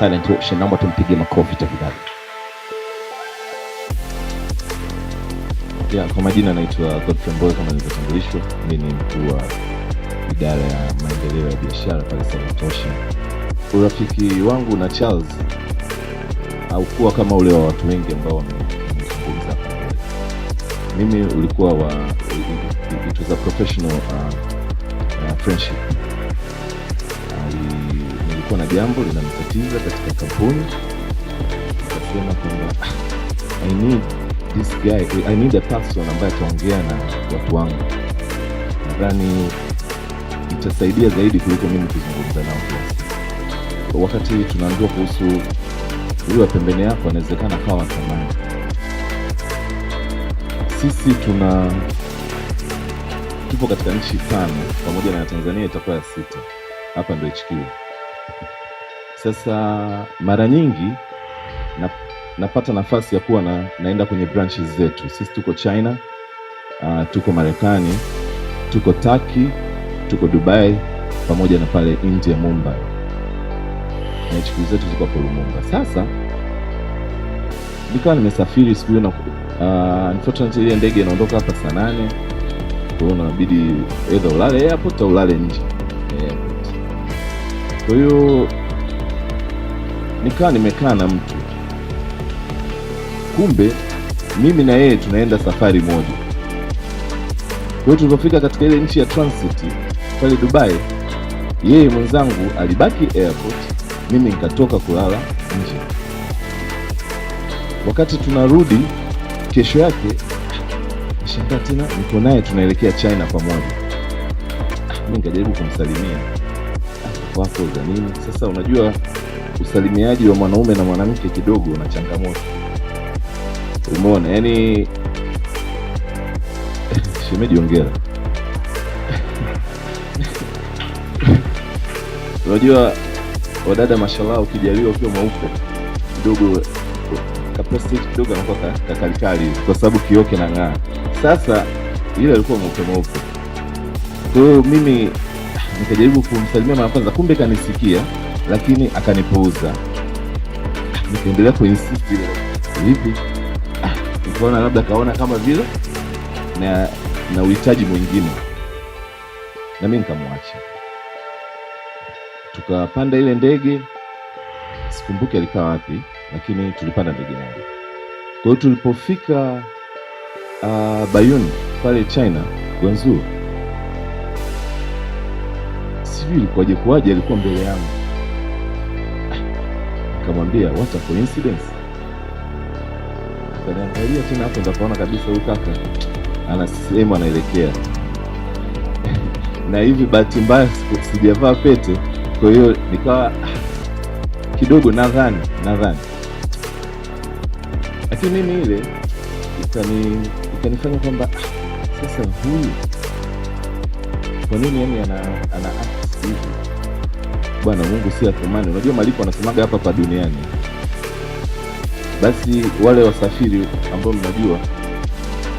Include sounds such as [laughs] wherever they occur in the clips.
Silent Auction. Naomba tumpigie makofi tafadhali. Yeah, kwa majina anaitwa Godfrey Mbowe kama nilivyotambulishwa. mi ni mkuu wa idara ya maendeleo ya biashara pale Silent Auction. Urafiki wangu na Charles eh, haukuwa kama ule wa watu wengi ambao wamezungumza. Mimi ulikuwa wa it was a professional uh, uh, friendship kulikuwa na jambo linamtatiza katika kampuni, akasema kwamba ah, I need this guy, I need a person ambaye ataongea na watu wangu. Nadhani itasaidia zaidi kuliko mimi kuzungumza nao wakati. Tunaambiwa kuhusu huyo wa pembeni yako anawezekana kawa wa Sisi tuna tupo katika nchi tano pamoja na Tanzania itakuwa ya sita. Hapa ndo HQ. Sasa mara nyingi na, napata nafasi ya kuwa na, naenda kwenye branches zetu. Sisi tuko China, uh, tuko Marekani, tuko Turkey, tuko Dubai pamoja na pale India Mumbai, na shughuli zetu ziko kwa Lumumba. Sasa nikawa nimesafiri siku hiyo na uh, unfortunately ile ndege inaondoka hapa saa nane, kwa hiyo unabidi either ulale airport au ulale nje kwa hiyo nikawa nimekaa na mtu, kumbe mimi na yeye tunaenda safari moja. Kwa hiyo tulipofika katika ile nchi ya transit pale Dubai, yeye mwenzangu alibaki airport, mimi nikatoka kulala nje. Wakati tunarudi kesho yake, shangaa tena niko naye tunaelekea China pamoja. Mi nikajaribu kumsalimia wapo za nini. Sasa unajua usalimiaji wa mwanaume na mwanamke kidogo una changamoto, umeona yani [laughs] shemeji, ongera [laughs] unajua wadada, mashallah, ukijaliwa ukiwa mweupe kidogo kaplastic kidogo anakuwa kakalikali, kwa sababu na ng'aa. Sasa ile alikuwa mweupe mweupe, kwa hiyo mimi nikajaribu kumsalimia mara kwanza, kumbe kanisikia, lakini akanipuuza. Nikaendelea kuinsisti vipi, ah, nikaona labda kaona kama vile na na uhitaji mwingine, na mi nikamwacha. Tukapanda ile ndege, sikumbuki alikaa wapi, lakini tulipanda ndege moja. Kwa hiyo tulipofika uh, Bayuni pale China Guangzhou sijui ilikuwaje kuwaje, alikuwa mbele yangu, nikamwambia what a coincidence. Akaniangalia tena, hapo nikaona kabisa huyu kaka ana sehemu anaelekea na hivi bahati mbaya sijavaa pete, kwa hiyo nikawa kidogo nadhani nadhani, lakini mimi ile ikanifanya kwamba ah, sasa huyu kwa nini yani ana, ana hivi bwana, Mungu si athumani. Unajua malipo anasemaga hapa pa duniani. Basi wale wasafiri ambao mnajua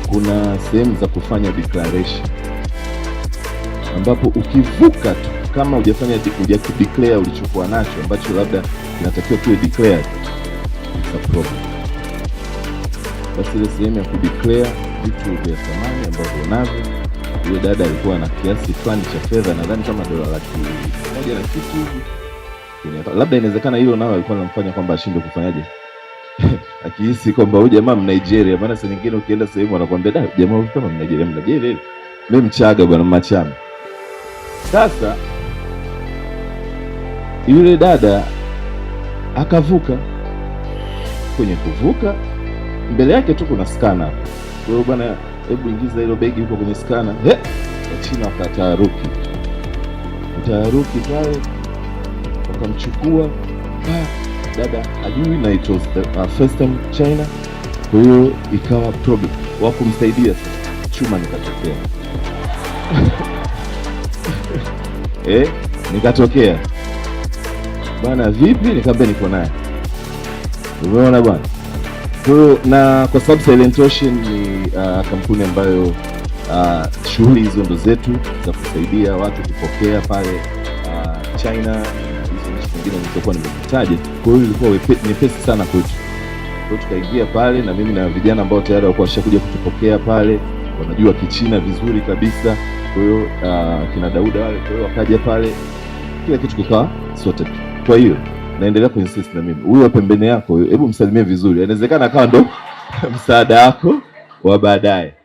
kuna sehemu za kufanya declaration ambapo ukivuka tu kama hujafanya hujakideclare ulichokuwa nacho ambacho labda inatakiwa kiwe declared, it's a problem. Basi ile sehemu ya kudeclare vitu vya thamani ambavyo unavyo huyo dada alikuwa na kiasi fulani cha fedha, nadhani kama dola laki moja na kitu, labda inawezekana hilo nao alikuwa namfanya kwamba ashindwe kufanyaje [laughs] akihisi kwamba huyu jamaa Mnigeria. Maana saa nyingine ukienda sehemu anakuambia da, jamaa kama Mnigeria. Mnigeria mi Mchaga bwana, Machame. Sasa yule dada akavuka. Kwenye kuvuka, mbele yake tu kuna skana, kwa hiyo bwana hebu ingiza hilo begi huko kwenye skana. Wachina wakataaruki, utaaruki pale, wakamchukua dada hajui, na it was the uh, first time China. Kwa hiyo ikawa problem, wakumsaidia sasa, chuma nikatokea [laughs] eh, nikatokea bana, vipi? Nikaambia niko naye, umeona bwana So, na kwa sababu Silent Ocean ni uh, kampuni ambayo uh, shughuli hizo ndo zetu za kusaidia watu kupokea pale uh, China hizo nchi zingine zilizokuwa nimekutaja. Kwa hiyo ilikuwa nyepesi sana kwetu. Kwa tukaingia pale na mimi na vijana ambao tayari walikuwa washakuja kutupokea pale, wanajua Kichina vizuri kabisa. Kwa hiyo uh, kina Dauda wale, kwa hiyo wakaja pale, kila kitu kikawa sorted. Kwa hiyo naendelea kuinsist na mimi, huyo pembeni yako, hebu msalimie vizuri, inawezekana akawa ndo [laughs] msaada wako wa baadaye.